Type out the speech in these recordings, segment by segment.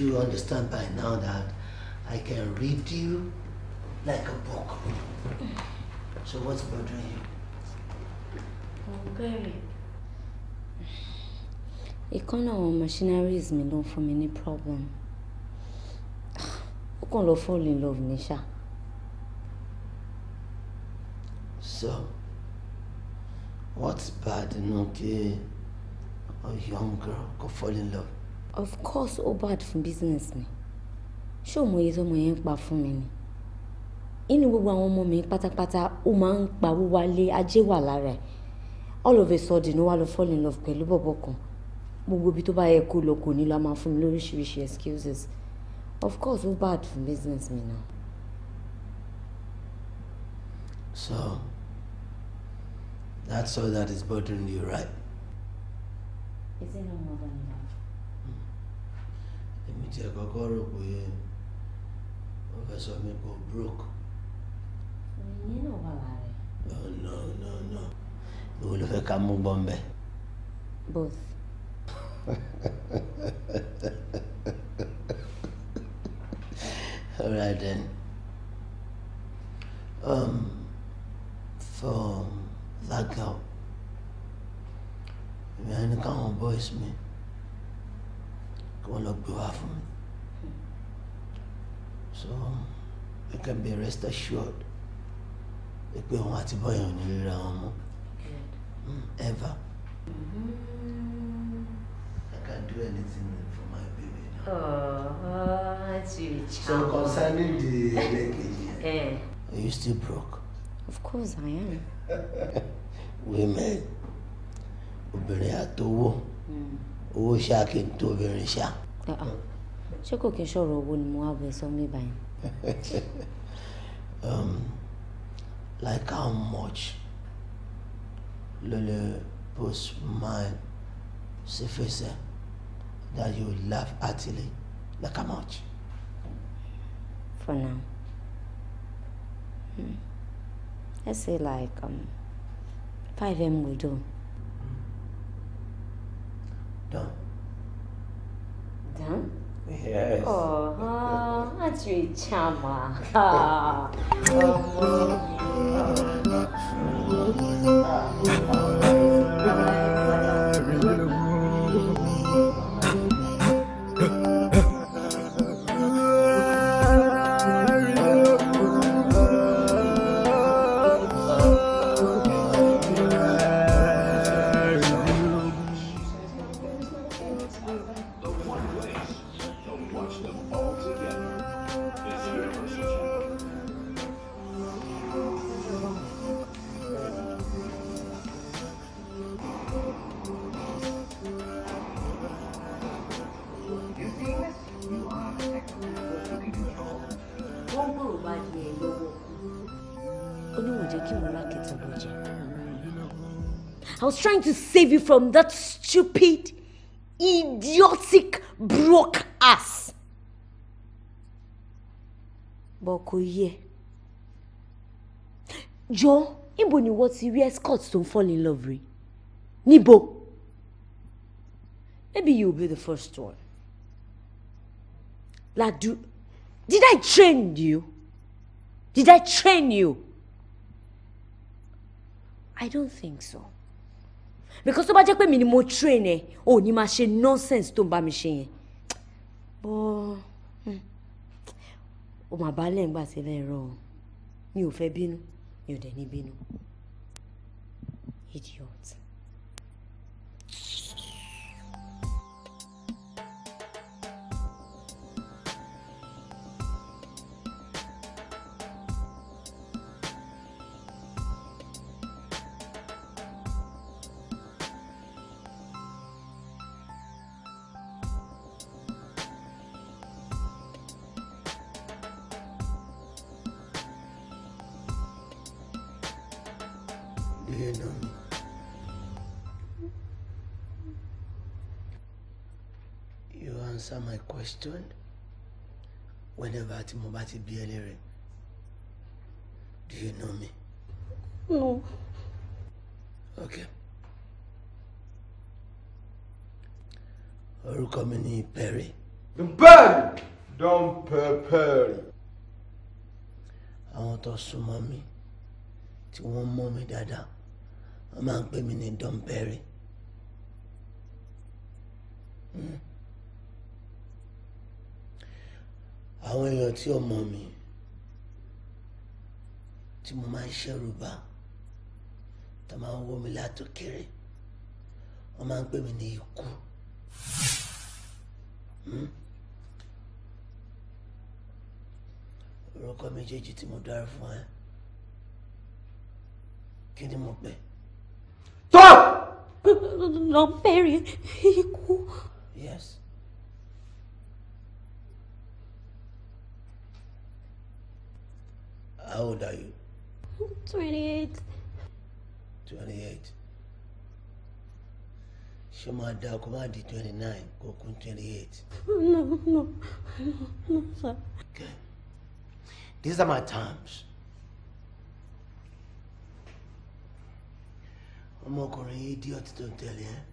You understand by now that I can read you like a book. So what's bothering you? Okay. Ìkọ́nà àwọn machineries mi ló ń fún mi ní problem. Who can lọ fall in love Nisha? So, what's bad nínú kí a young girl kò fall in love? of course ó bad fún business mi ṣé òmò iye tọmọ yẹn ń pa fún mi ni inú gbogbo àwọn ọmọ mi pátápátá ó máa ń pa wíwálé ajé wà lára ẹ̀ all of a sudden ó wá lọ fall in love pẹ̀lú bọ̀bọ̀ kan gbogbo ibi tó bá yẹ kó lọ kò ní lọ máa fún mi lóríṣiríṣi excuses of course ó bad fún business mi náà. so that's all that is bothering you right. is it no more than enough tí ẹ kọ́kọ́ rò pé wọ́n fẹ́ sọ mí kó broke. ìyẹn no no no no ìwọ ló fẹ́ ká mú gbọ́n bẹ́ẹ̀. both. all right then um, for that girl ìyẹn ni káwọn boys me. Mm wọ́n lọ gbé wá fún mi so you can be rest assured pé òun àti bọ́yọ̀ ò ní ríra wọn mọ́ hmm, ever. Mm-hmm. I can do anything for my baby now. Oh, So concerning the legacy, eh? Are you still broke? Of course I am. Women, obìnrin àtowó. Mm owó ṣáà kí n tó obìnrin ṣáà. ṣé kò kí n ṣòro owó ni mo wá bẹ sọ mí báyìí. Um, like how much ló lè post mine sí fèsì that you laugh heartily like how much. for now. Hmm. Let's say like um, 5M will do. done. Done? Yes. Oh, aren't you a charmer? Ah. save you from that stupid, idiotic, broke ass. But yẹ. Jọ, níbo ni wọ́n ti rí don't fall in love with. Níbo? Maybe you will be the first one. Ladu, did I train you? Did I train you? I don't think so. because tó bá jẹ́ pé mi ni mo train ẹ ò ní máa ṣe nonsense tó ń bá mi ṣe yẹn bọ́ hmm. ó mà bá lẹ́yìn gbà sí lẹ́rọ o mi ò fẹ́ bínú mi ò dẹ̀ ní bínú idiot. you know. You answer my question whenever tí mo bá ti bi elere. Do you know me? No. Okay. Orúkọ mi ni Perry. Perry! Don Perry. Àwọn tó súnmọ́ mi tí wọ́n mọ̀ mí dáadáa wọ́n máa ń pè mí ní Don Perry. Hmm. àwọn èèyàn tí ọmọ mi tí mo máa ń ṣẹ́rù bá tó máa ń wọ́ mi látòkèrè wọ́n máa ń pè mí ní ikú. Hmm. orúkọ méjèèjì tí mo dára fún ẹ kí ni mo pè é. Stop! Lord Marion, he cool. Yes. How old are you? 28. 28. Shema might die, 29, go 28. No, no, no, no, sir. Okay. These are my times. ọmọkùnrin idiot tó ń tẹ̀lé ẹ́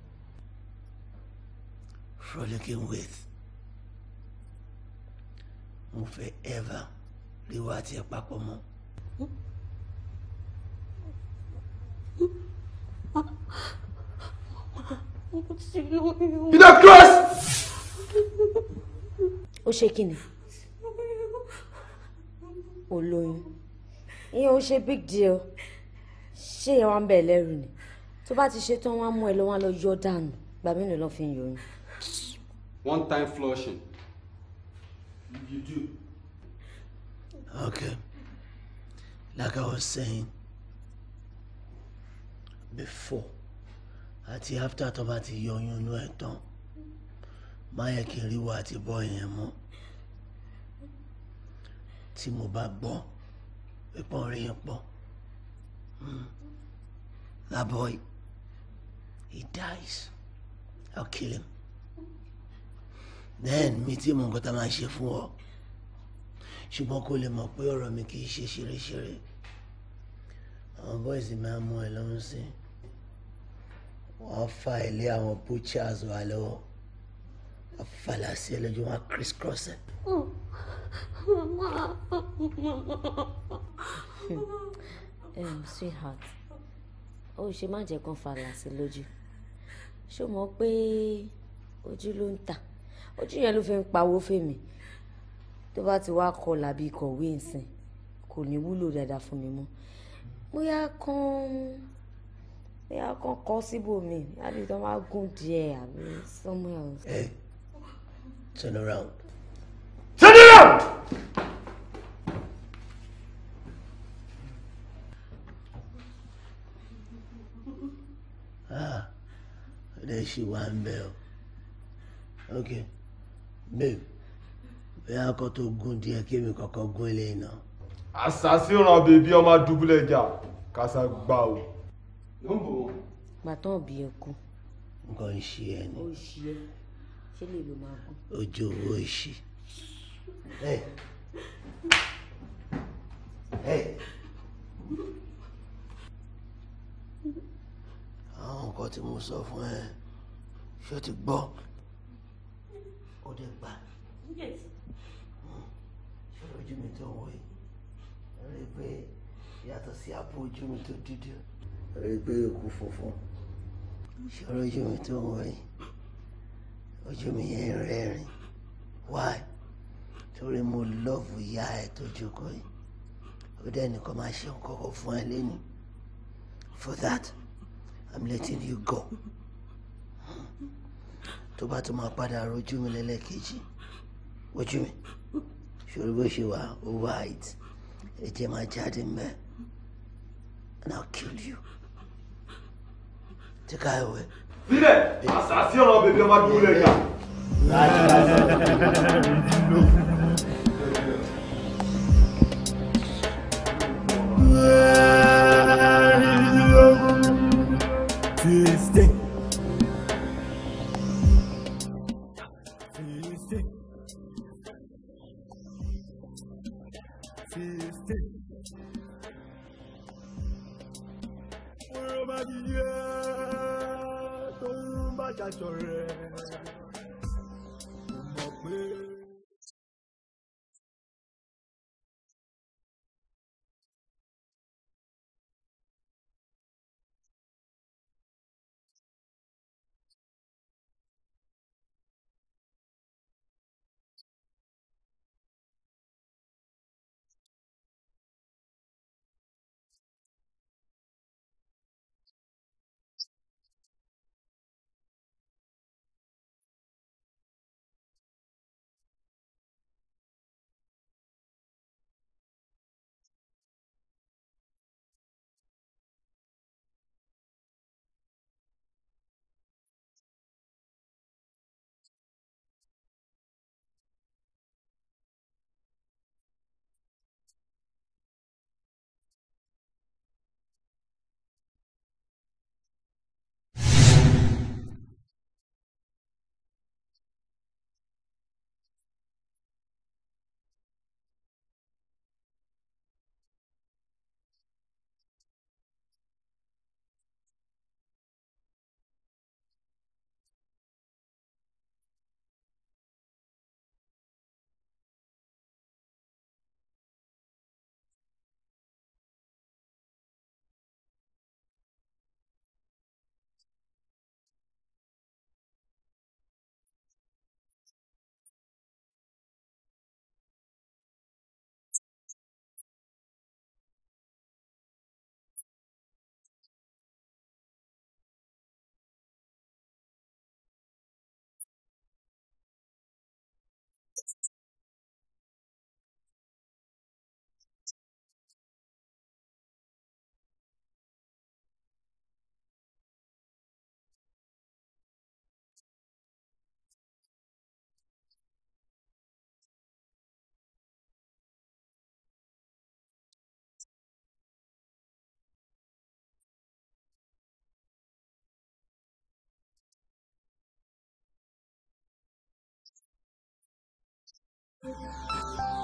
frolicking with mo fẹ́ ever rí wa àti ẹ̀ papọ̀ mọ́. Peter Christ! Ó ṣe kí ni? Olóyún. Ìyẹn ó ṣe big deal. Ṣé ìyẹn wá ń bẹ̀ lẹ́rù ni? tó bá ti ṣe tán wọn mú ẹ lọ wọn lọ yọ dànù gbà mélòó lọ fi ń yọyún. one time flushing. you do. okay like i was saying before àti after tó bá ti yọyún inú ẹ tán má yẹ kí n ríwọ àti bọ yẹn mọ́ tí mo bá gbọ́ pípọ́n rí yẹn pọ̀ hmm. that boy he dies I'll kill him then mi tí mo nǹkan tá a máa ṣe fún ọ ṣùgbọ́n kó lè mọ̀ pé ọ̀rọ̀ mi kì í ṣe ṣeréṣeré àwọn boys máa mú ẹ lọ́rùn sí wọ́n fa ilé àwọn butchers wà lọ́wọ́ àfàlàsí ẹlẹ́jọ́ wọn criss cross ẹ̀. Um, sweetheart ó ṣe má jẹ́ kán fàlàsí lójú ṣó mọ̀ pé ojú ló ń tà ojú yẹn ló fi ń pawó fèmí tó bá ti wá kọ làbí kọ̀wé ǹsìn kò ní wúlò dáadáa fún mi mọ́ bóyá kan bóyá kan kọ síbòmí àbí tó máa gùn díẹ̀ àbí somewhere Hey, turn around. Turn around! rẹ ṣì wà ń bẹ babe bẹ́ẹ̀ akọ́ tó gún díẹ̀ kémi kọ́kọ́ gún ilé iná. àṣàṣì ràn bèbí ọmọ dùbúlẹ̀ jà kàṣà gbà o. gbàtàn bí ẹkú. nǹkan ń ṣe ẹ ni. ó ṣe é ṣé lè ló máa gún. ojú owó ìṣe. Hey. Hey. àwọn nǹkan tí mo sọ fún ẹ ṣé o ti gbọ́ ó dé gbà ṣé ojú mi tó wọ yìí rí i pé yàtọ̀ sí àpò ojú mi tó dúdú rí i pé òkú funfun ṣé ojú mi tó wọ yìí ojú mi yẹn rẹ́rìn wáyé torí mo lọ́ọ̀bù ìyá ẹ̀ tó jókòó yìí ó dẹ́ nìkan máa ṣe nǹkan kan fún ẹ lẹ́nu for that I'm letting you go tó bá tún máa padà rojú mi lẹ́lẹ́kejì ojú mi ṣòro bó ṣe wà over height ẹ̀jẹ̀ máa jáde mẹ́ and I'll kill you tí ká ẹ̀ wẹ̀. sílẹ̀ àṣà sí ọ̀rọ̀ bèbí ọmọdé wúlẹ̀ yà.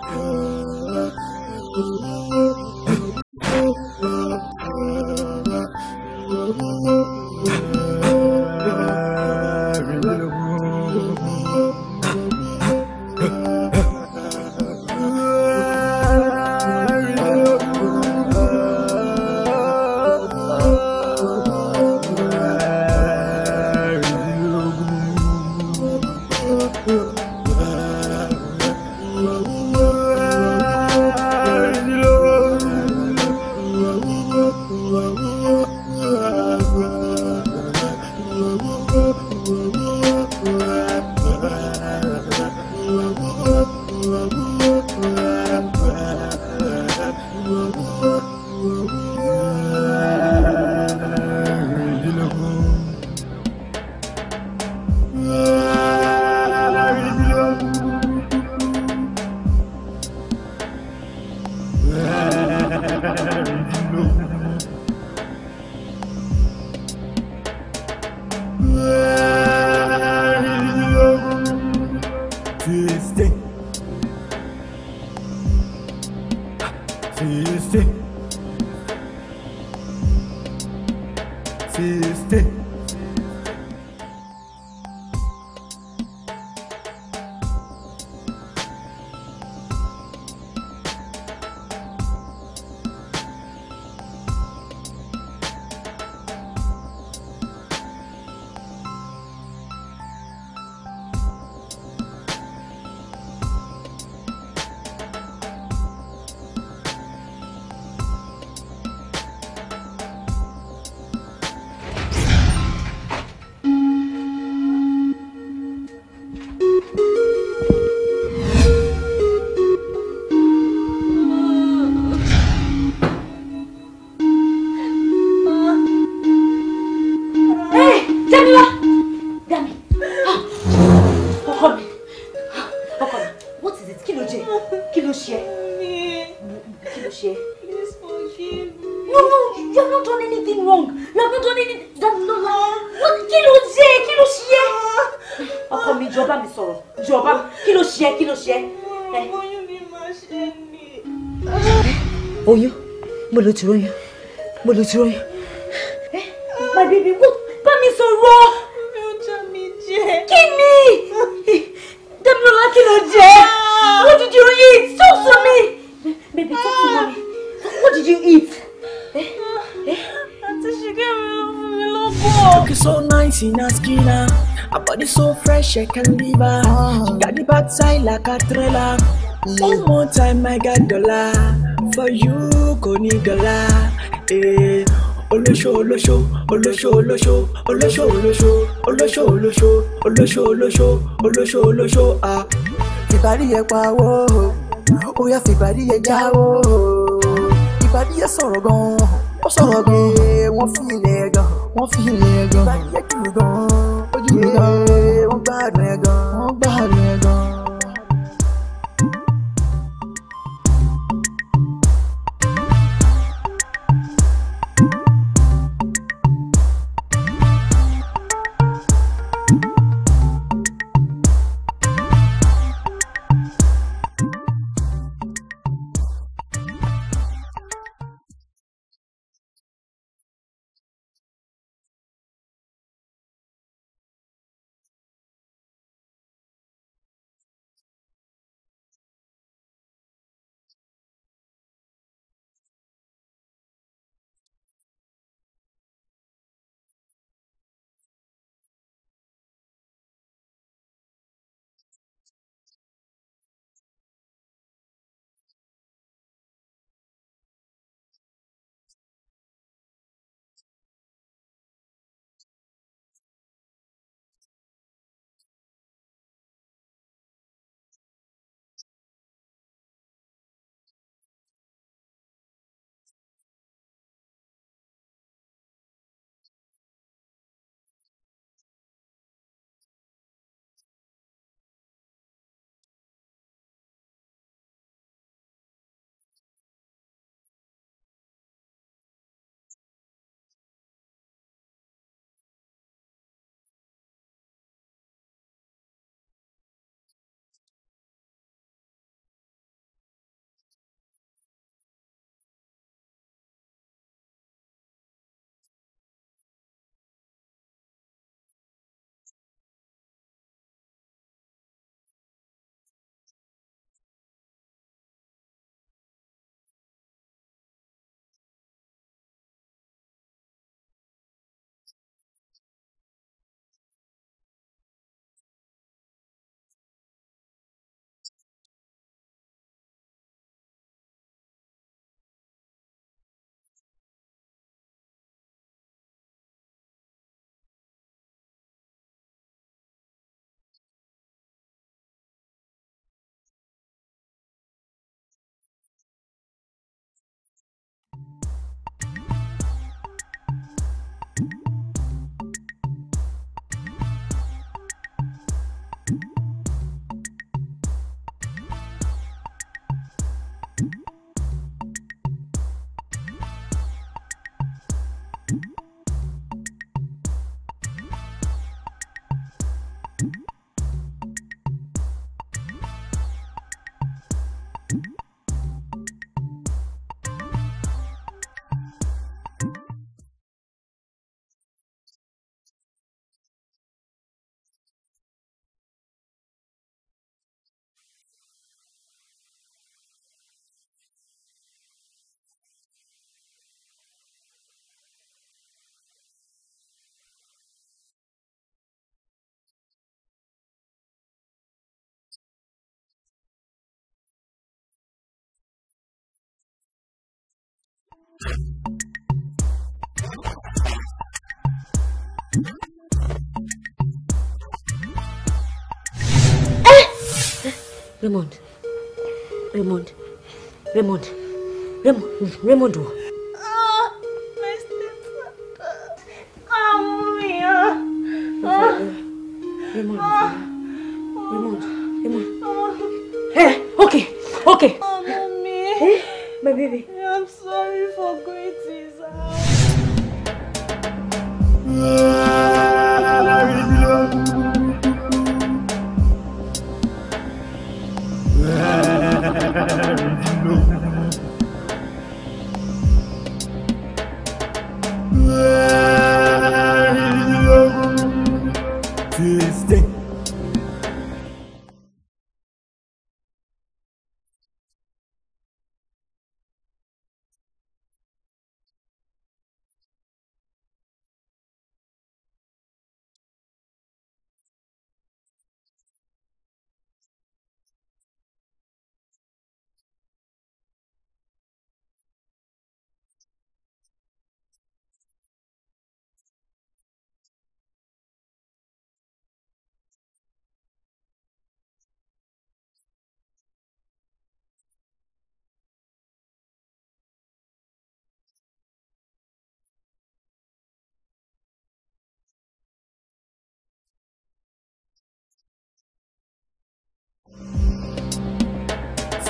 Oh, oh. mo ló ti ròyìn mo ló ti ròyìn. ẹ my baby wo bá mi sọ̀rọ̀. mi ò jẹ́ mi jẹ́. kí ni dámilọ́lá kí ló jẹ́ ah. what did you eat talk to me. baby talk to ah. me. what did you eat. àti ṣìkẹ́ mi ló fún mi lọ́gbọ̀n. looking so nice in her skin ah her body so fresh I can't live. her she got the bad side like a trailer one more time I got dollar for you kò ní dọ̀la olóṣó olóṣó olóṣó olóṣó olóṣó olóṣó olóṣó olóṣó olóṣó olóṣó olóṣó olóṣó a. fìbàdíyẹ pawó ó yá fìbàdíyẹ jáwó fìbàdíyẹ sọ̀rọ̀ gan-an ó sọ̀rọ̀ gan-an wọ́n fi ilẹ̀ gan-an wọ́n fi ilẹ̀ gan-an fìbàdíyẹ kìlú gan ojú mi gan wọ́n gbádùn ẹ̀ Eh! Raymond. Raymond. Raymond. Raymond. Raymond. Oh, my stepfather. Raymond. Raymond. Raymond. Ah. Hey, eh, okay. Okay. Oh, mommy. Hey, eh, my baby. sorry for going to his house. Ah.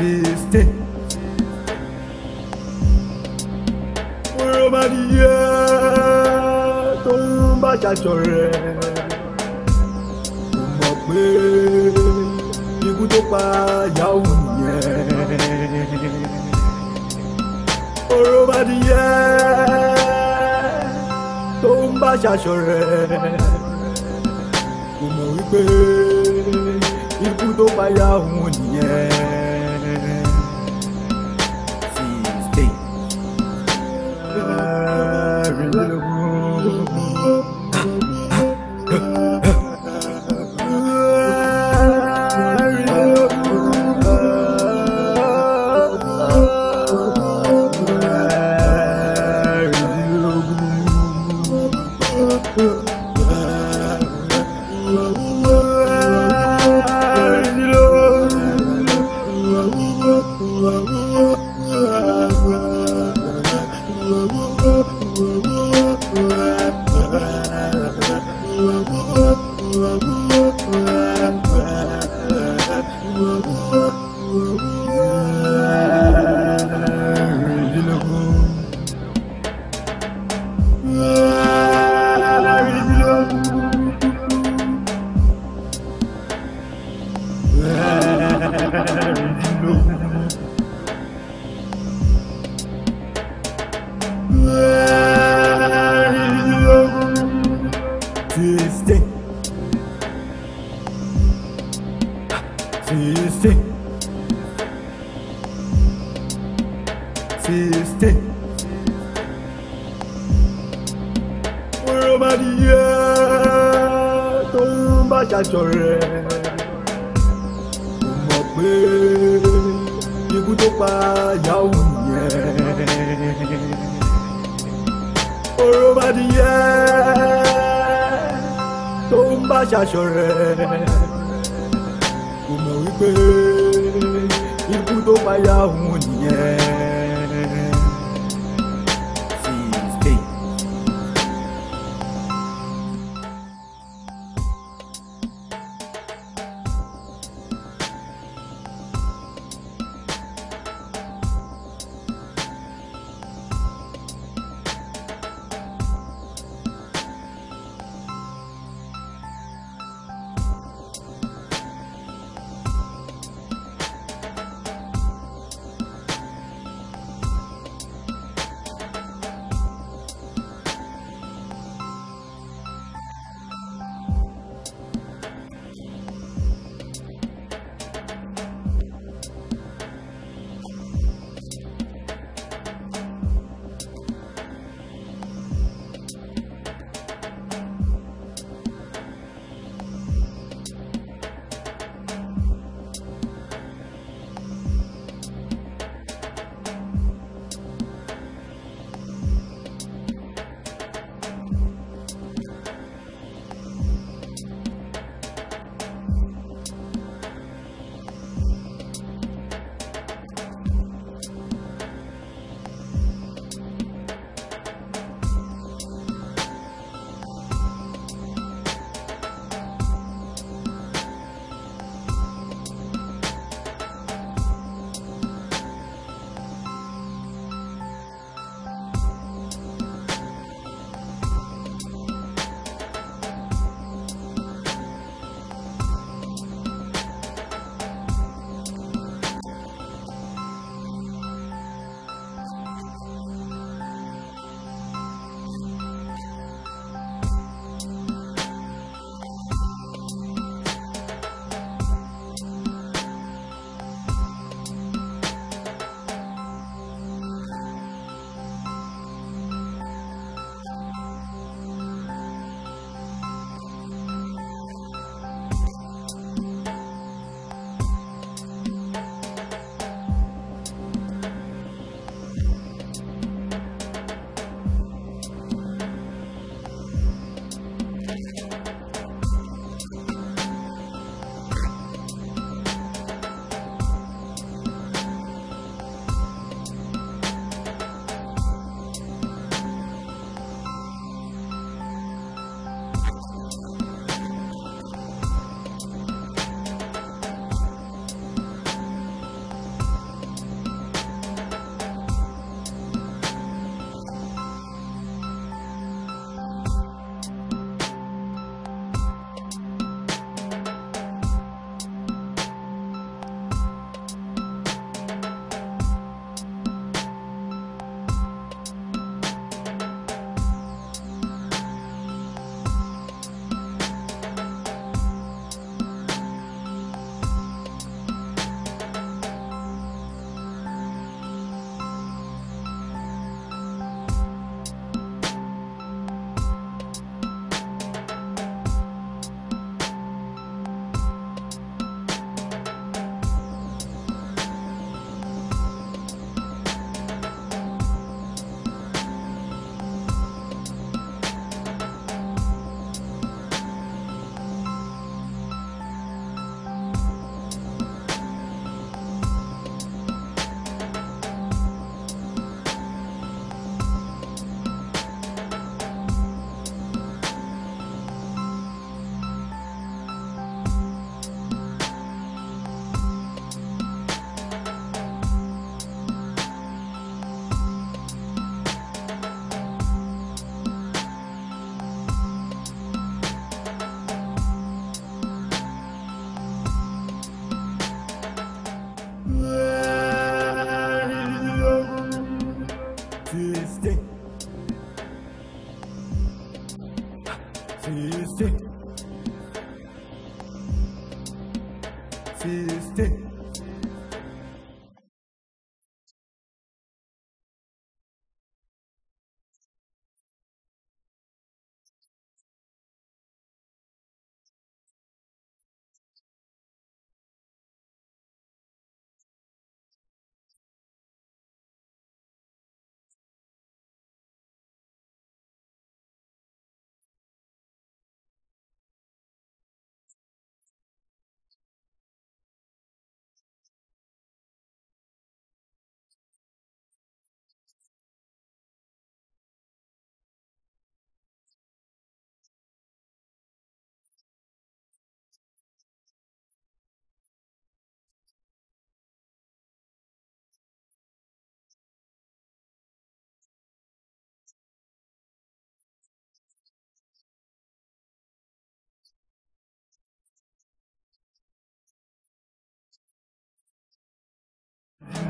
fifty. Wọ́n bá di yẹ tó ń bá ṣàjọrẹ́. Mo mọ̀ pé to tó pa yàwó nìyẹn. Oró bá di yẹ tó ń bá ṣàṣọrẹ́. Mo mọ̀ wípé ikú tó pa yàwó nìyẹn.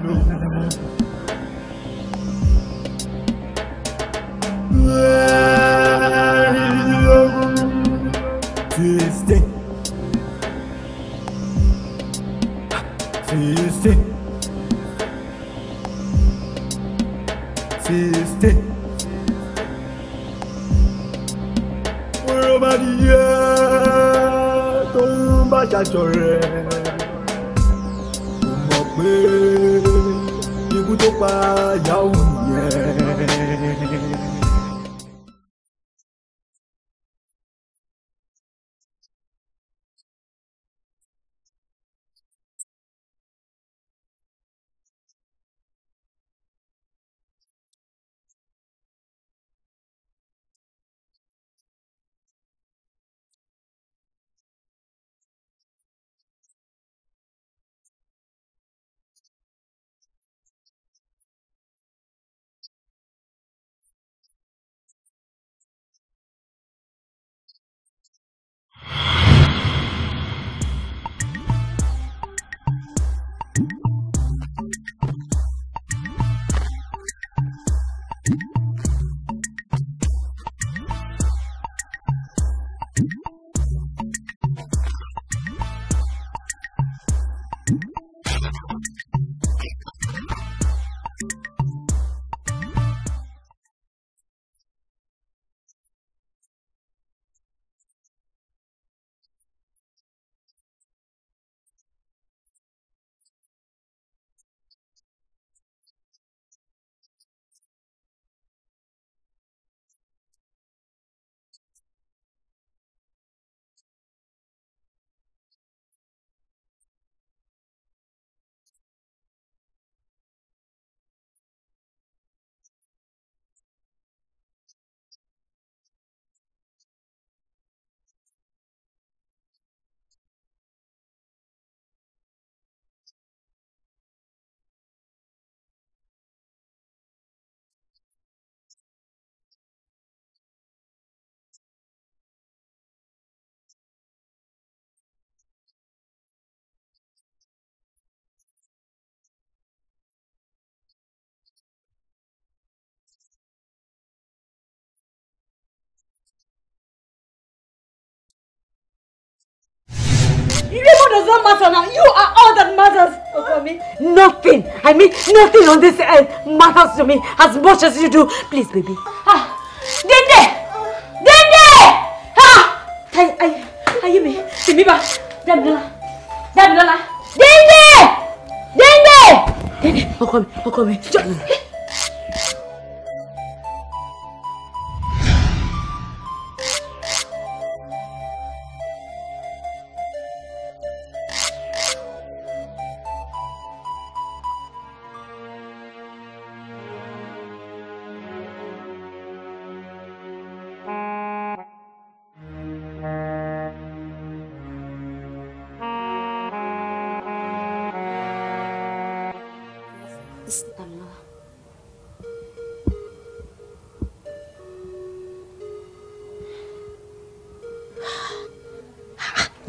Tuesday. Tuesday. Tuesday. Wọ́n bá di yẹ́ tó ń bá ṣàjọ rẹ̀. tó pa yahoo yẹn. does not matter now. You are all that matters for me. Nothing, I mean nothing on this earth matters to me as much as you do. Please, baby. Ah, Dende! Dende! Ah! Ay, ay, ay, me, me ba? Damilola, Damilola, Dende! Dende! Dende, ọkọ mi, ọkọ mi.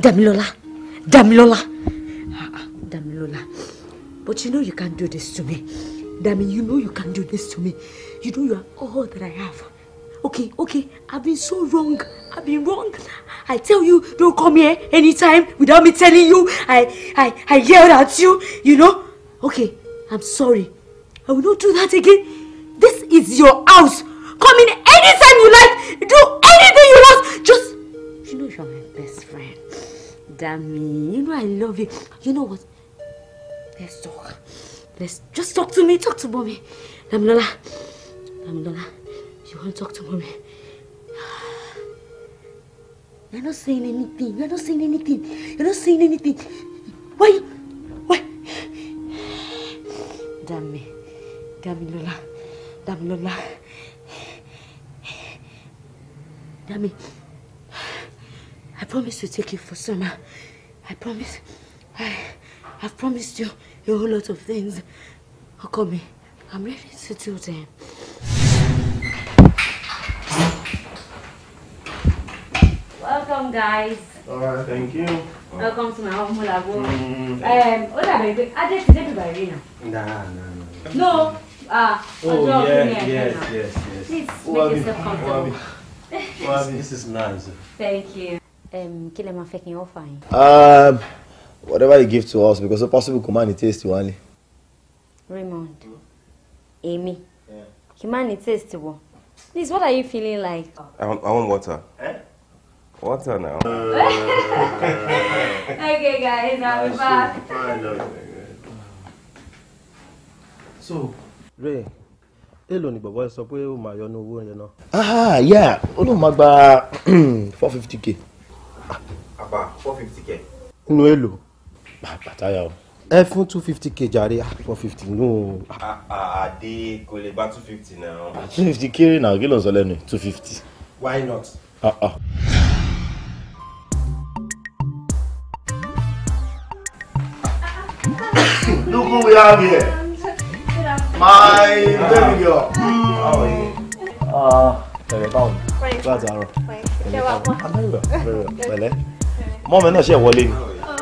Damilola, Damilola, ah, ah, Damilola. But you know you can't do this to me. Dami, you know you can't do this to me. You know you are all that I have. Okay, okay, I've been so wrong. I've been wrong. I tell you, don't come here anytime without me telling you. I, I, I yelled at you, you know. Okay, I'm sorry. I will not do that again. This is your house. Come in anytime you like. Do anything you want. Just, you know you're my best. Dami. You know I love you. You know what? Let's talk. Let's just talk to me. Talk to mommy. Daminola. Daminola. You want to talk to mommy? You're not saying anything. You're not saying anything. You're not saying anything. Why? Why? Dami. Daminola. Daminola. Dami. Dami promise to take you for summer. I promise. I, I've promised you a whole lot of things. Call me. I'm ready to do them. Welcome, guys. All right, thank you. Welcome to my home, Mulabo. Mm, um, Ola, baby, I just did it by Rina. Nah, nah, nah. No. Ah, oh, yeah, yes, yes, yes, yes. Please, make yourself comfortable. Wabi. Wabi, this is nice. Thank you. Um, kí lẹ máa fẹ́ kí n offer yín. Um, whatever you give to us because o possible kò it ní taste wa ni. Raymond hmm? èmi kì má ní taste wọ please what are you feeling like. I want, I want water. Eh? Water now. okay guys I'll be back. so Ray èlò ni bọ̀bọ̀ sọ pé ó máa yọ ní owó yẹn náà. ah yeah ó lóun máa gba four fifty k four fifty k. inú èlò bàtàyà o. ẹ fún two fifty k jàre ah, four fifty nù. àdé kò lè bá two fifty náà. two fifty kéré náà kí ló ń sọ lẹ́nu two fifty. why not. Ah ah. Look who we have here. My baby girl. How are you? Ah, very well. Glad to have you. Very well. Very well mọ́mí náà ṣe wọlé ni. Oh,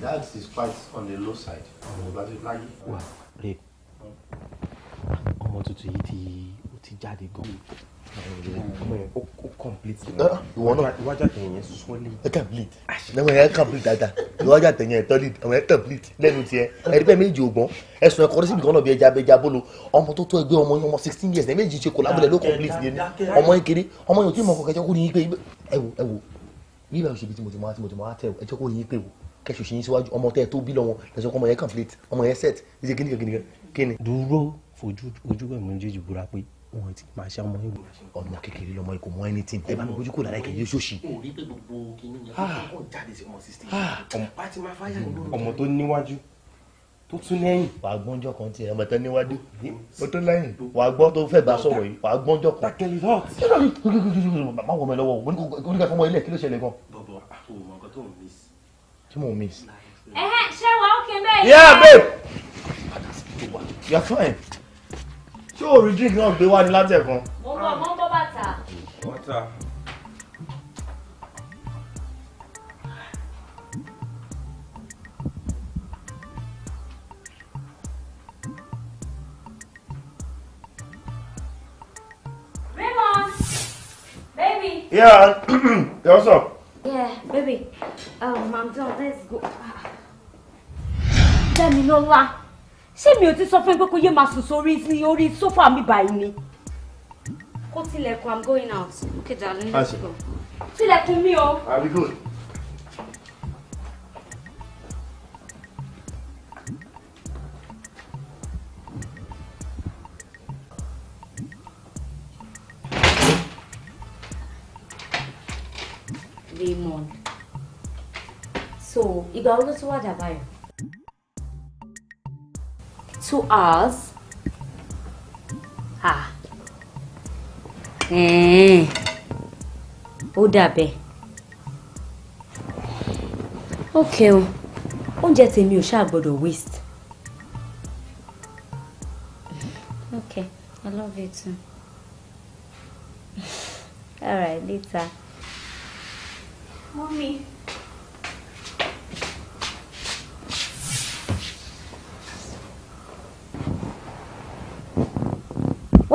that is quite on the low side ọmọ tuntun yìí ti jáde gan-an iwájú àtẹ̀yìn yẹn solid. ẹ complete lẹ́wọ̀n yẹn complete dáadáa iwájú àtẹ̀yìn yẹn tọ́lid àwọn yẹn complete lẹ́nu tiẹ̀ ẹ̀rí bẹ́ẹ̀ méjì ògbọ́n ẹ̀sùn ẹ̀kọ́ rẹ̀ kan náà bí ẹja abẹ́ja bolo ọmọ tó tó ẹgbẹ́ ọmọ yẹn ọmọ sixteen years ẹ̀ méjì ṣe kò lábẹ́lẹ̀ ló complete yẹn ọmọ yẹn kéré ọmọ yẹn ò tí ì mọ ọkọ̀ kẹjọ́ kó ní yín pé ẹ wo ẹ wo bí ìbá ṣe bí tí mo ti máa tí mo ti máa tẹ̀ ẹ jẹ́ kó yín pé wo kẹṣù ṣe yín síwájú ọmọ tẹ́ tó bí lọ́wọ́ lẹ́sọ̀ ọmọ yẹn complete ọmọ yẹn set ẹ ṣe kíni kíni kíni. dúró fojú ojú ẹ̀ mú jíjù búra pé wọn ti máa ṣe ọmọ ìgbò ọmọ kékeré lọmọ ìkò mọ anything ẹ bá mi bójú kò lára ìkè yóò ṣòṣì. Ah. ọmọ ah. tó níwájú tó tún lẹ́yìn. wà á gbọ́njọ́ kan tiẹ̀ ọmọ tó níwájú ó tó lẹ́yìn wà á gbọ́ tó fẹ́ bá sọ̀rọ̀ yìí wà á gbọ́njọ́ kan. takẹ́lì wọ mi lọ́wọ́ oníkà fọmọ ilé kí ló ṣẹlẹ̀ gan. kí mò miss. ẹ̀hẹ́ ṣé wàá ó bẹ́ẹ̀ yẹn. yeah babe ṣé o rí drink náà gbé wá ní látẹ̀kan. mo bọ mo bọ bàtà. bàtà. Raymond, baby. Yeah, what's up? Yeah, baby. Um, oh, I'm done. Let's go. Ah. Let me know Damilola ṣé mi ò ti sọ fún ẹ pé kó yé máa sùn sórí ní orí sófà mi báyìí ni. kó tilẹ̀kùn i'm going out okay darling let's go. tilẹ̀kùn mi o. i'll be good. Raymond so ìgbà wo ló tún wà dà to us. Ah. Eh. Ó dàbẹ̀. Okay o. Oúnjẹ tèmi ò ṣáà gbọ́dọ̀ waste. Okay, I love you too. All right, later. Mommy.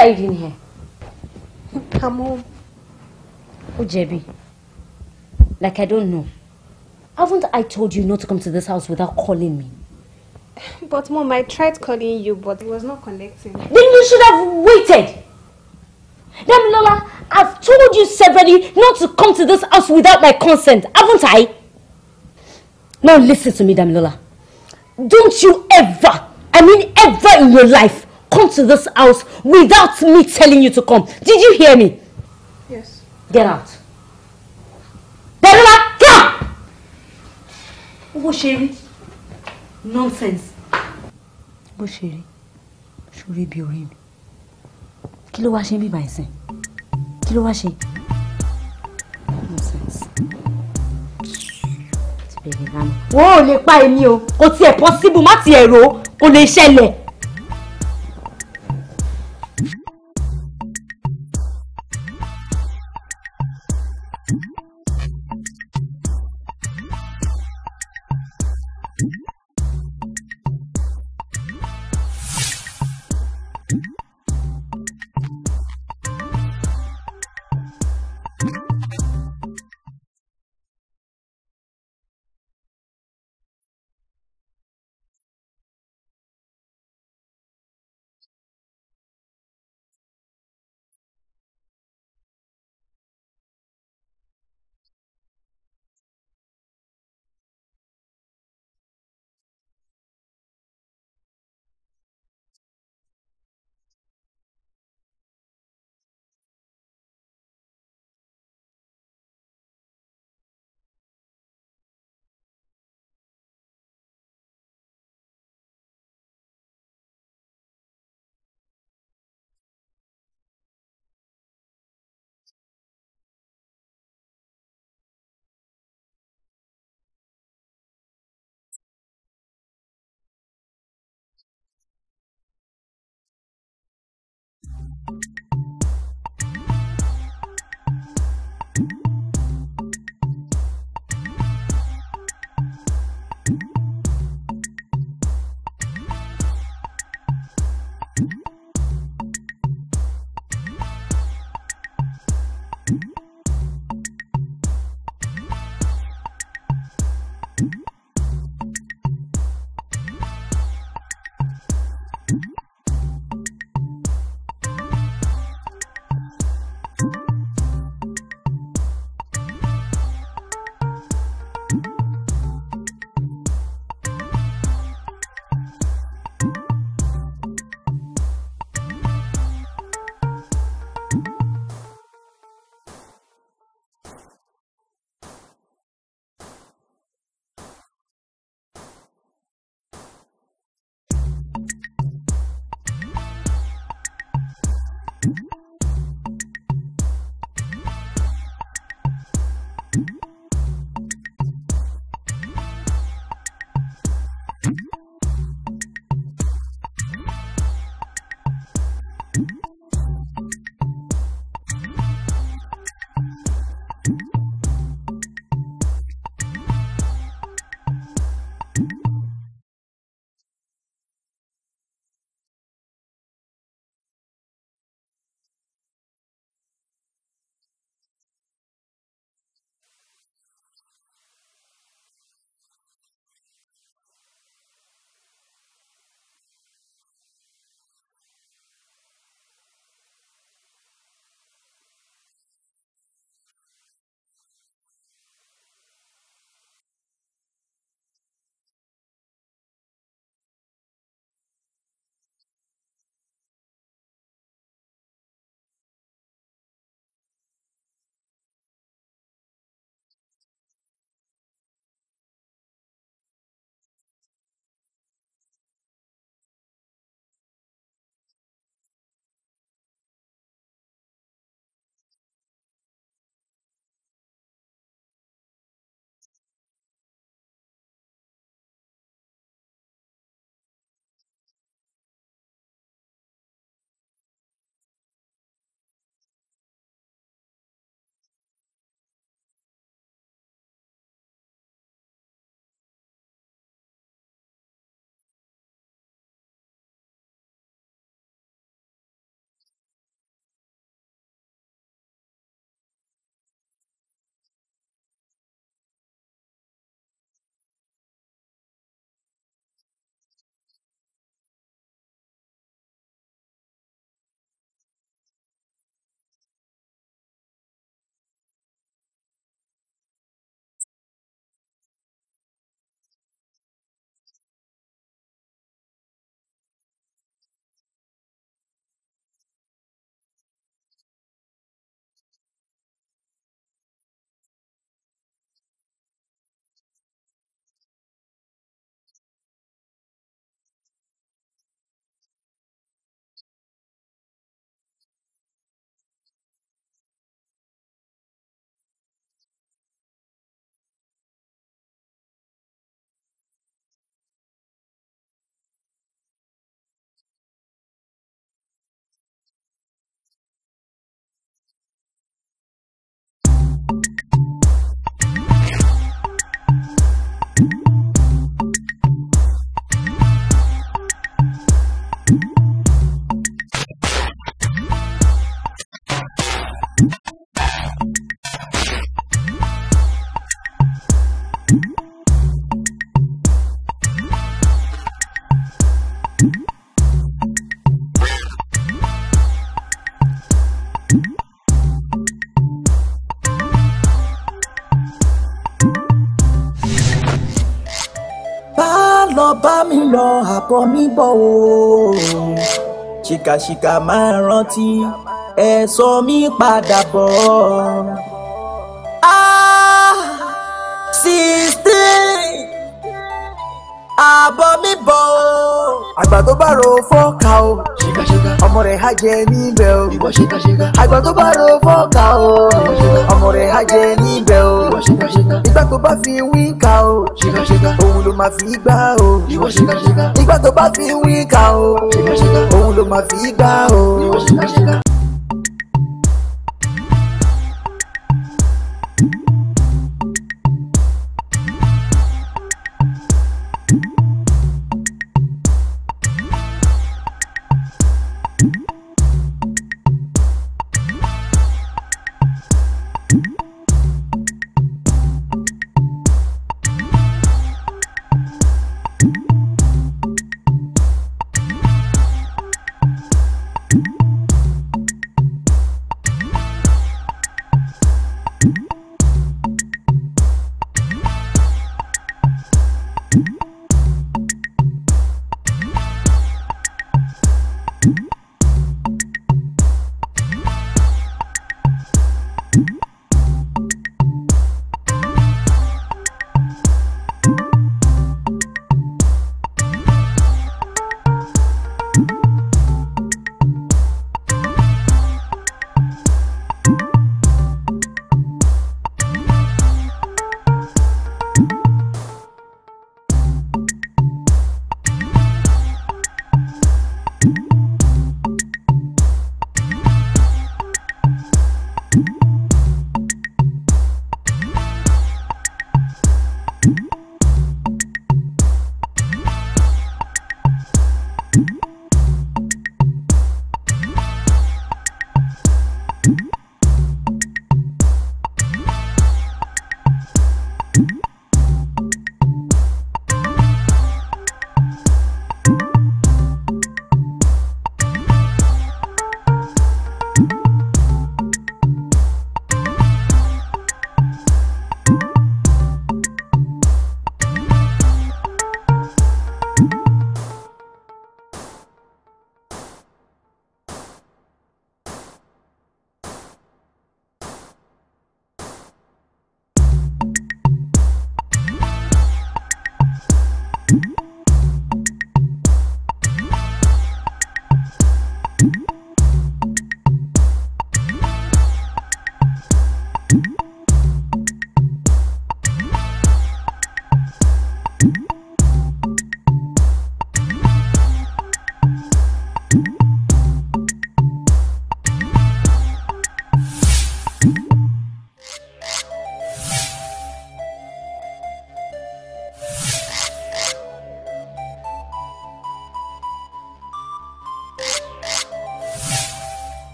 are you doing here? I'm home. Oh, Like I don't know. Haven't I told you not to come to this house without calling me? But mom, I tried calling you, but it was not connecting. Then you should have waited. Then Lola, I've told you severally not to come to this house without my consent, haven't I? Now listen to me, Damilola. Don't you ever, I mean ever in your life, come to this house without me telling you to come. Did you hear me? Yes. Get out. Bọ́lá, get out! Owó Nonsense. Bó shuri rí, Kilo wa orí mi. Kí ló wá ṣe ń Nonsense. Wo ò lè pa èmi o, kò tiẹ̀ possible má tiẹ̀ rò ó, kò lè ọkọ mi bọ̀ o ṣìkàṣìkà máa rántí ẹ sọ mí padà bọ̀. Ah, sixteen àbọ̀ mi bọ̀ o. àgbà tó bá ro fọ́ọ̀kà o ọmọ rẹ̀ á jẹ níbẹ̀ o àgbà tó bá ro fọ́ọ̀kà o ọmọ rẹ̀ á jẹ níbẹ̀ o ṣíkàṣíkà ìgbà tó bá fi wí ká o ṣíkàṣíkà òun ló máa fi gbá o ìwọ ṣíkàṣíkà ìgbà tó bá fi wí ká o ṣíkàṣíkà òun ló máa fi gbá o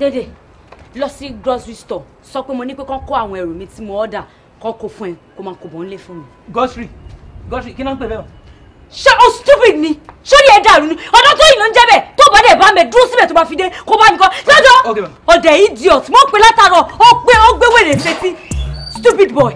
dédé lọ sí grocery store sọ pé mo ní pé kán kó àwọn ẹrù mi tí mo order kán kó fún ẹ kó máa kó bọ̀ ńlé fún mi. grocery grocery kí ló ń pè bẹ́ẹ̀ o. ṣé o stupid ni ṣé ó yẹ dàrú ni ọdún tó yìí ló ń jẹ́ bẹ́ẹ̀ tó bá dẹ̀ bá mi dúró síbẹ̀ tó bá fi dé kó bá mi kọ́ lọ́jọ́ ọ̀dẹ̀ idiot mo pè látàárọ̀ ó gbé wèrè sétí stupid boy.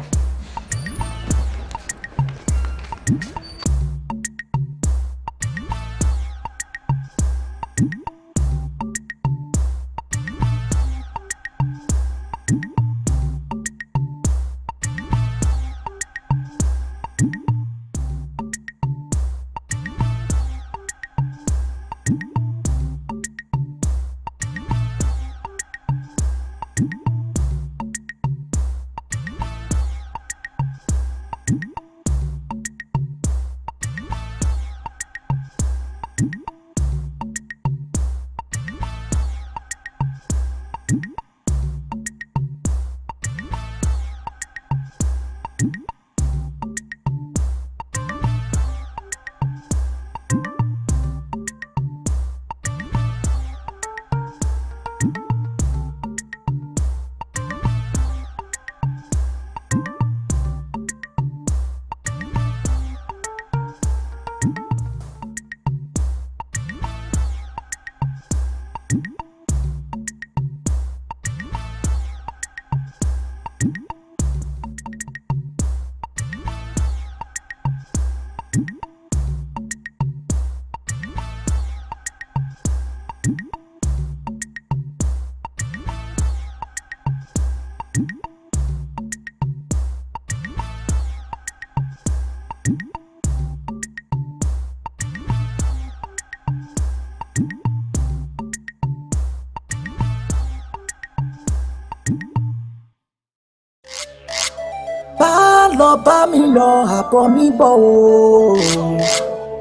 lọ àkọ mi bọ̀ o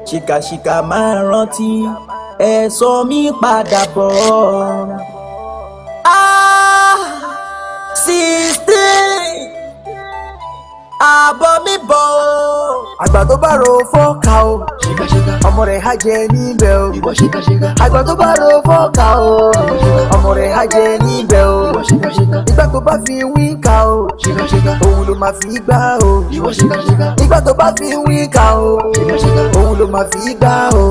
ṣìkàṣìkà máa rántí ẹ sọ mi padà bọ̀. ah sixteen àbọ̀ mi bọ̀ o. àgbà tó bá ro fọ́ọ̀kà o. ọmọ rẹ̀ á jẹ níbẹ̀ o. àgbà tó bá ro fọ́ọ̀kà o. ọmọ rẹ̀ á jẹ níbẹ̀ o. ìgbà tó bá fi wí kà o. òun ló máa fi gbá o. ìgbà tó bá fi wí kà o. òun ló máa fi gbá o.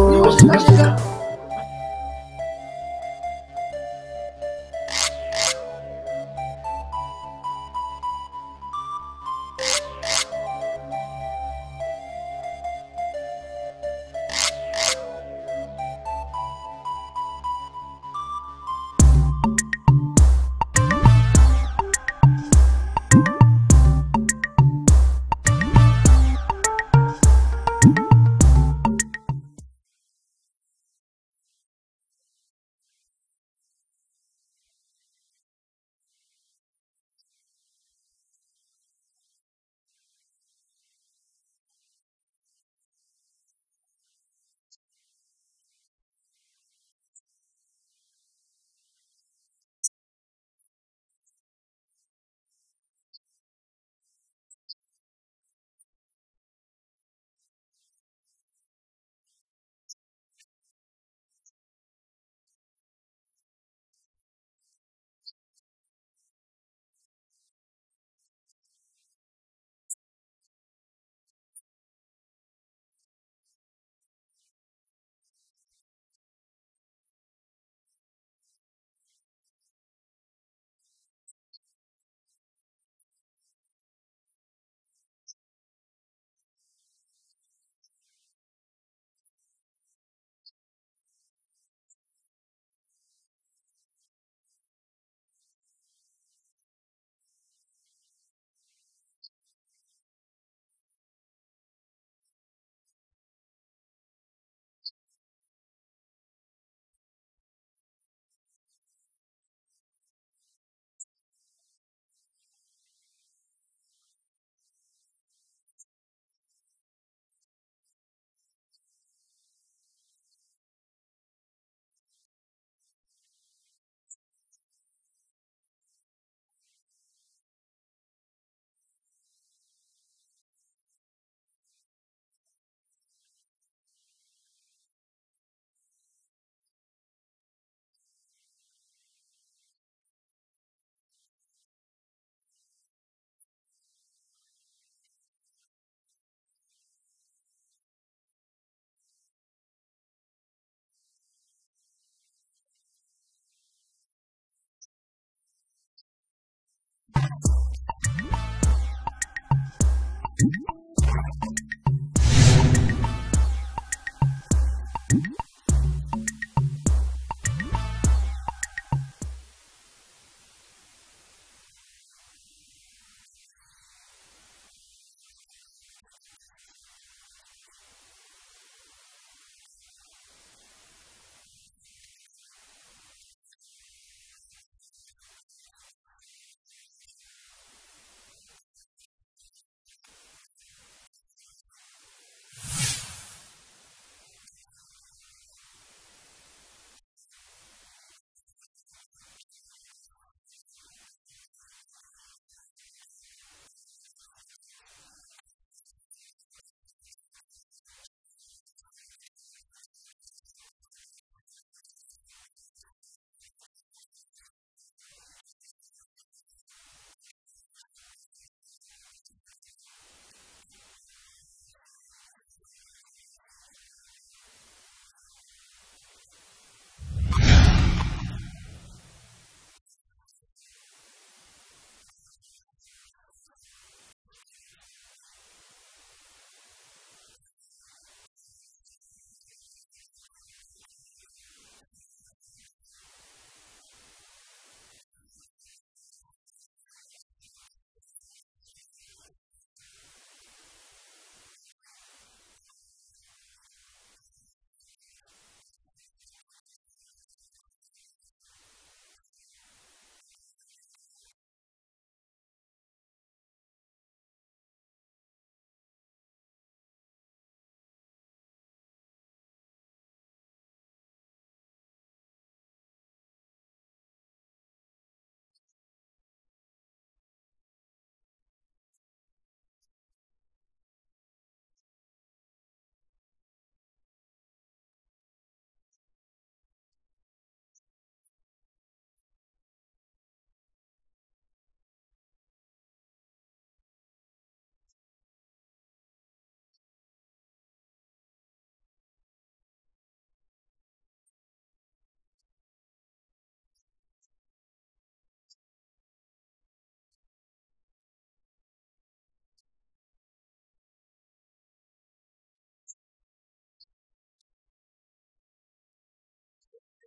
you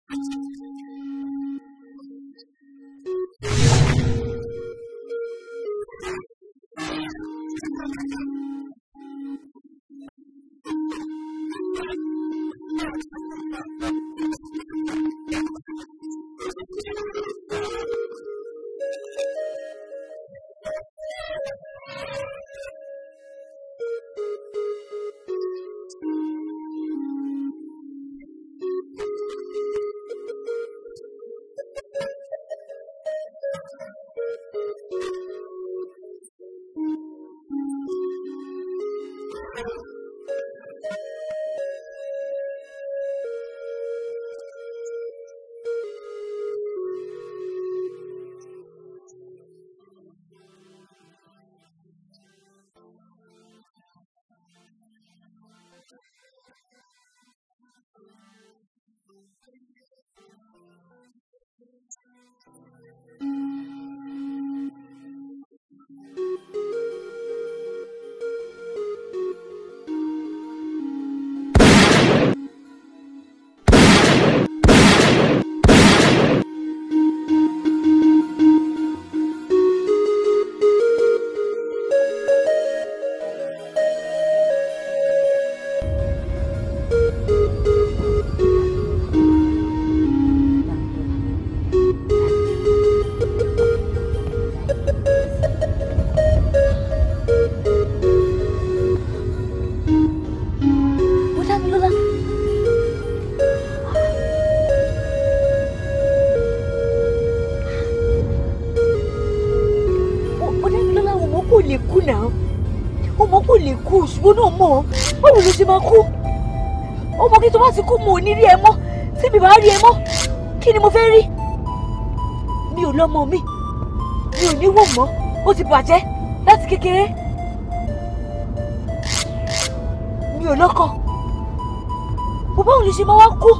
Thank you. máa kú ọmọ kí tó bá ti kú mo ò ní rí ẹ mọ́ tí mi bá rí ẹ mọ́ kí ni mo fẹ́ rí mi ò lọ́mọ mi mi ò ní wò mọ́ ó ti bàjẹ́ láti kékeré mi ò lọ́kọ bó báwo lè ṣe máa wá kú.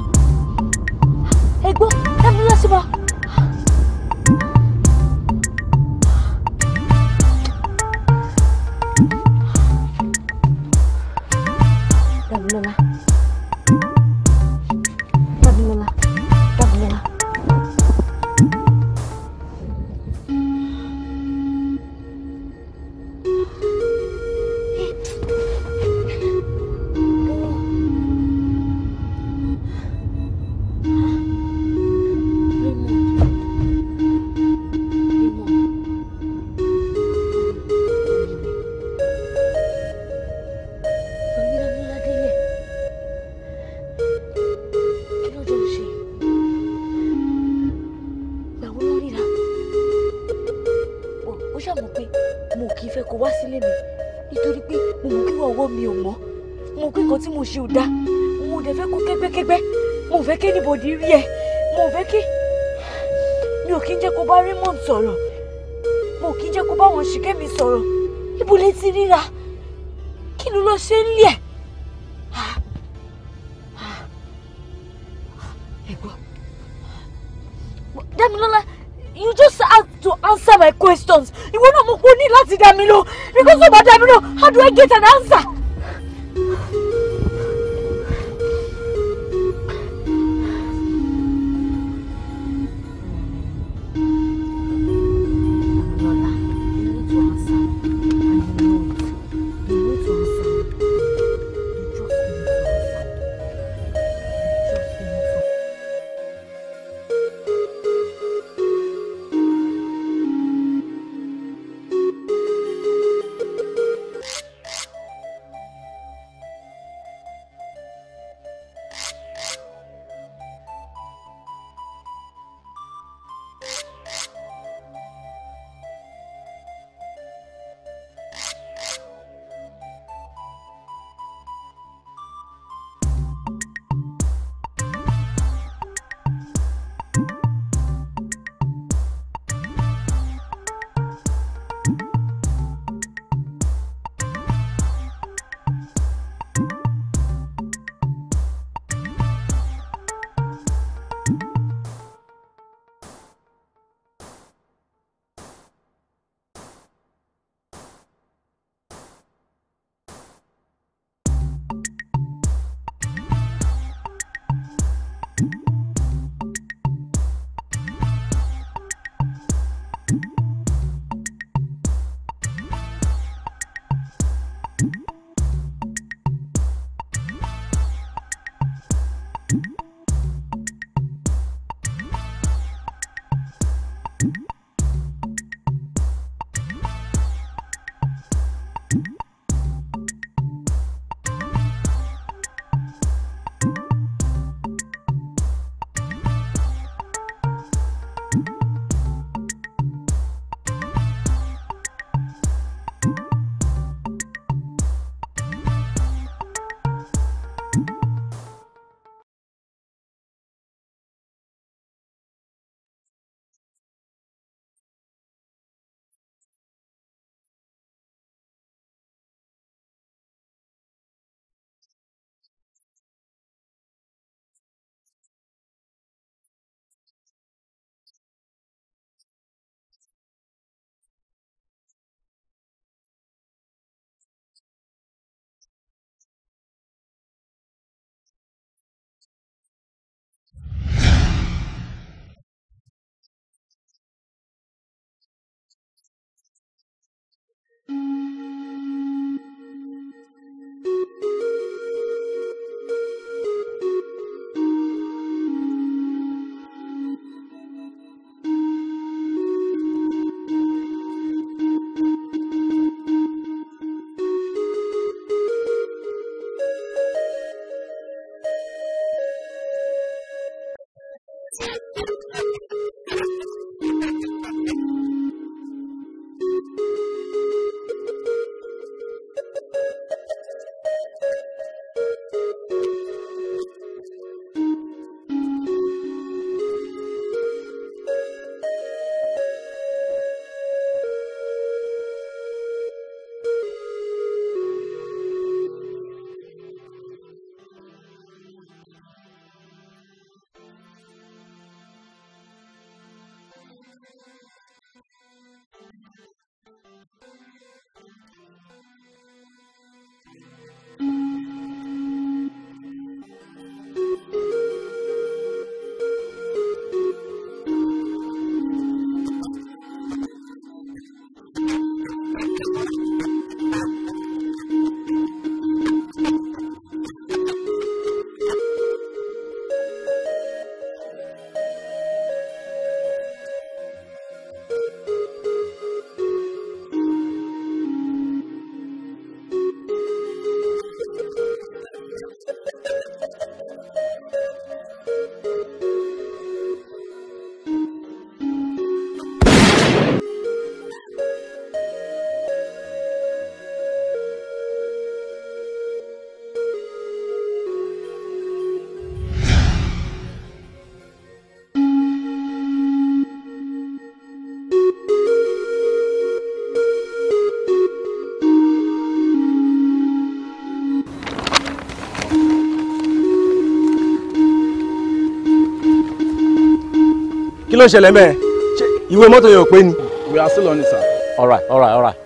fi rí ẹ mo fẹ́ kí mi ò kí ń jẹ́ kó bá Raymond sọ̀rọ̀ Thank mm. you. kí ló ṣẹlẹ̀ mẹ́ẹ̀ ìwé mọ́tò yẹn ò pé ni. we are still on it sir. all right all right all right.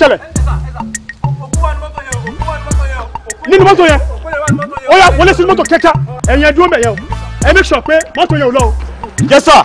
ṣẹlẹ̀ nínú mọ́tò yẹn ó yà wọlé sínú mọ́tò kẹta ẹ̀yìn ẹ̀dúró mẹ́yẹ o ẹ make pé mọ́tò yẹn ò lọ o. yes sir.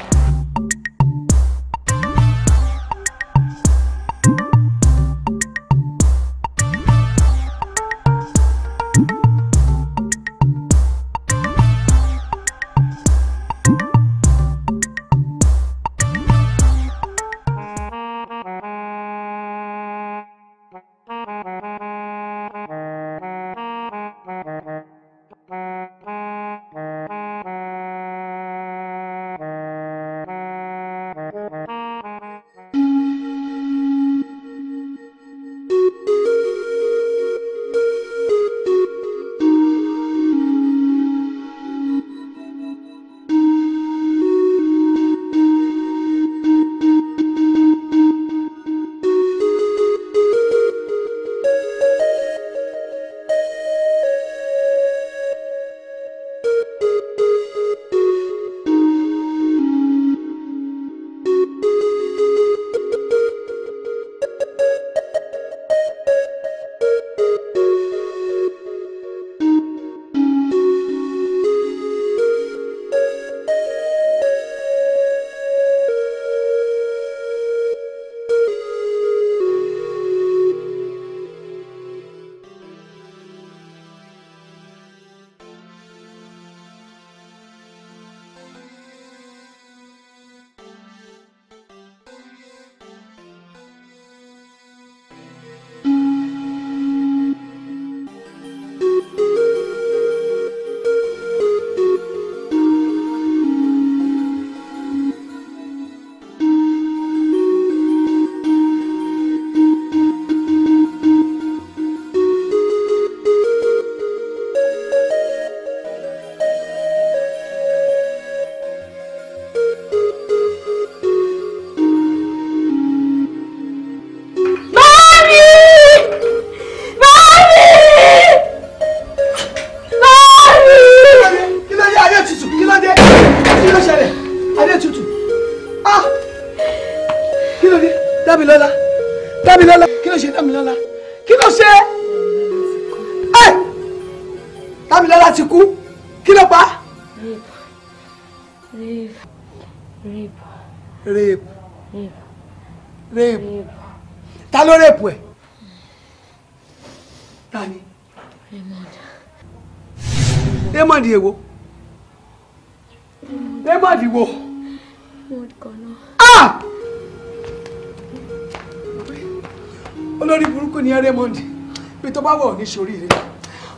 ní sórí rẹ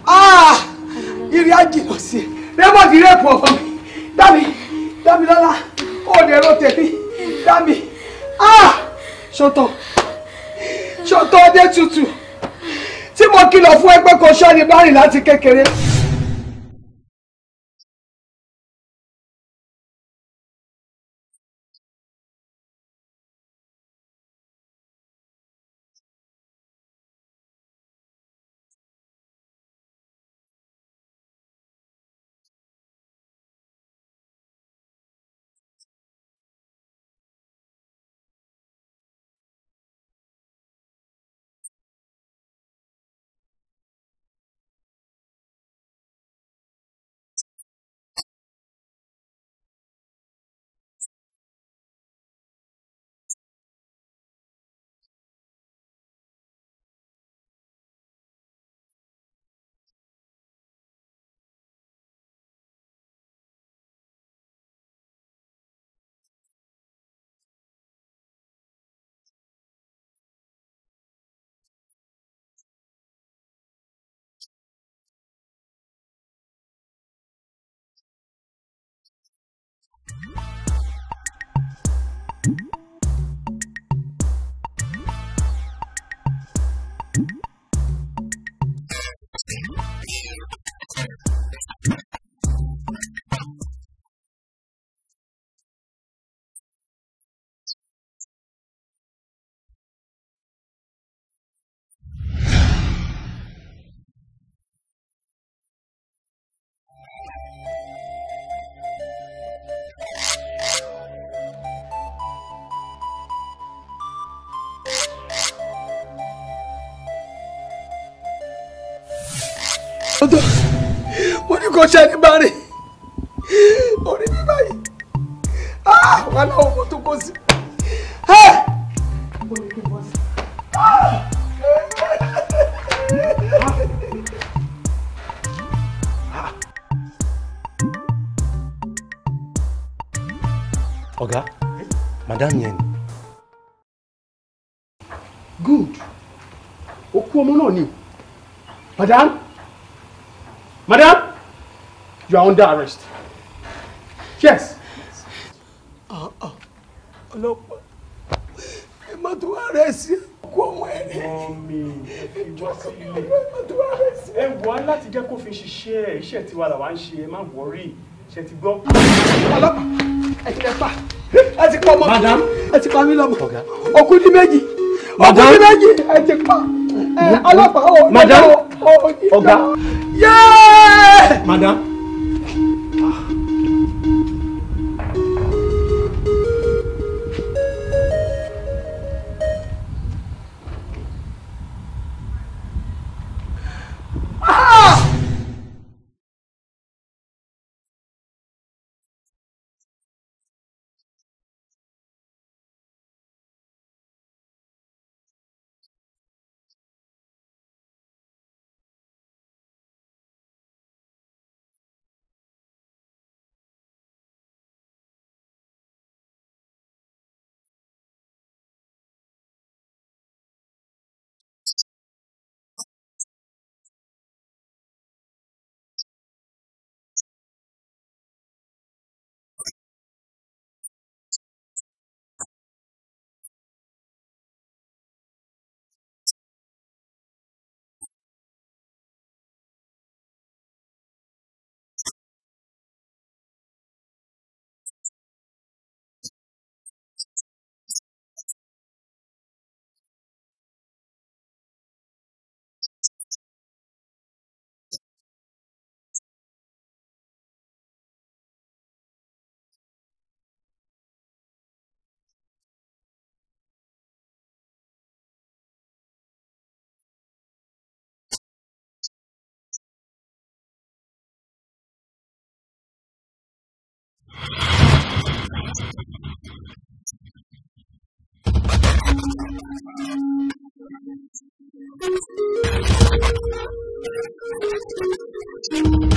ah! ìrìn àjì lọ sí rẹ́mọ̀ ti rẹ́pù ọ̀fọ̀ mi dámi dámi lọ́la ó lè ro tèmi dámi ah! ṣọ̀tọ̀ ṣọ̀tọ̀ ọdẹ tutù tí mo kìlọ̀ fún ẹgbẹ́ kan ṣọ́ni bá rìn láti kékeré. kò ṣe ní bari orí mi báyìí ah, wà náà owó tó kó sí. Eh! ọ̀gá madam yẹn good òkú ọmọ ni o madam. You are under arrest. Yes. Ọlọ́pàá, ẹ má tún arrest kú ọmọ ẹ ní. Mọ́mí, ìwọ sílẹ̀. Ẹ má tún arrest. Ẹ wọ láti jẹ́ kó ṣiṣẹ́ ẹ̀, iṣẹ́ tiwa làwa ń ṣe, ẹ má wọrí, ṣe ti gbọ́. Ọlọ́pàá, ẹ ti lẹ ẹ ti pa ọmọ. Madam. Ẹ ti pa mí lọ́mọ. Ọ̀gá. Òkú méjì. Madam. Òkú méjì, ẹ ti pa. Ọlọ́pàá, Madam. Ọ̀gá. Yẹ́ẹ̀. Madam. Thank you.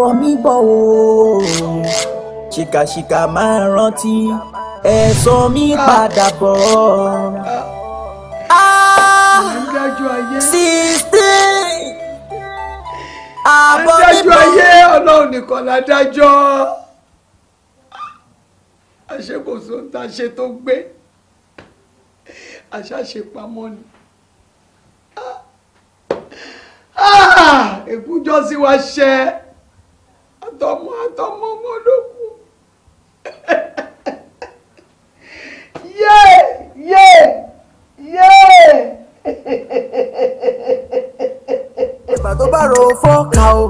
kọ́ mi bọ̀ o ṣìkàṣìkà máa rántí ẹ̀san mi padà bọ̀. Ah, sixteen àbọ̀ mi bọ̀. adájọ́ ayé ọlọ́run nìkan ládájọ́ àṣekòso ń ta ṣe tó gbé àṣàṣepamọ́ ni èkújọ́ ah, ah, sí wa ṣẹ́. bá ro fọ́ọ̀kà o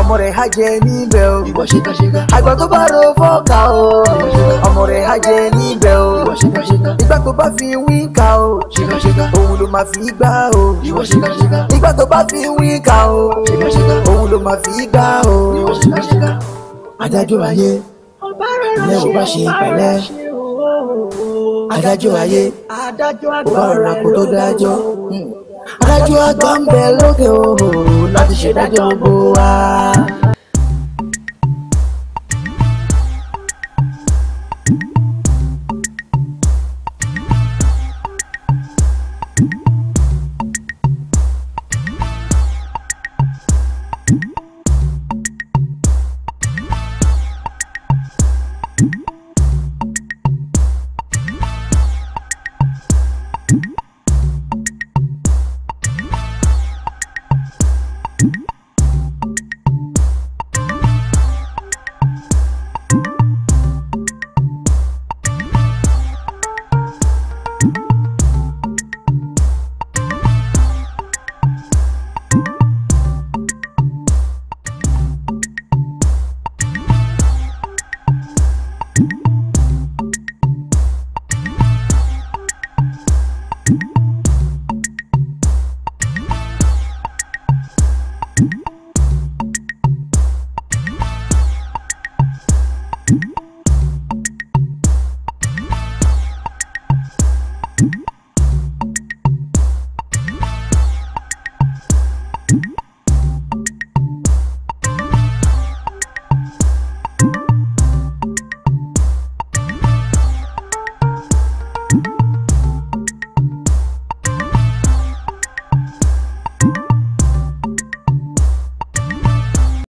ọmọ rẹ̀ á jẹ níbẹ̀ o àgbà tó bá ro fọ́ọ̀kà o ọmọ rẹ̀ á jẹ níbẹ̀ o ìgbà tó bá fi wíńkà o òun ló máa fi gbá o ìgbà tó bá fi wíńkà o òun ló máa fi gbá o. adájọ́ ayé ilé ò bá ṣe pẹ̀lẹ́ adájọ́ ayé ò bá rọra kó tó dájọ́ ìdájọ́ àgbà ń bẹ lókè òhò láti ṣèdájọ́ bó wá.